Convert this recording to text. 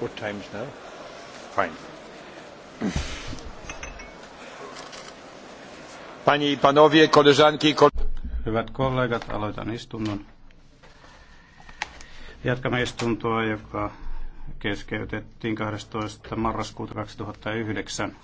What time's now? Fine. Panie i panowie, koleżanki i Hyvät kollegat, aloitan istunnon. Jatkamme istuntoa, joka keskeytettiin 12. marraskuuta 2009.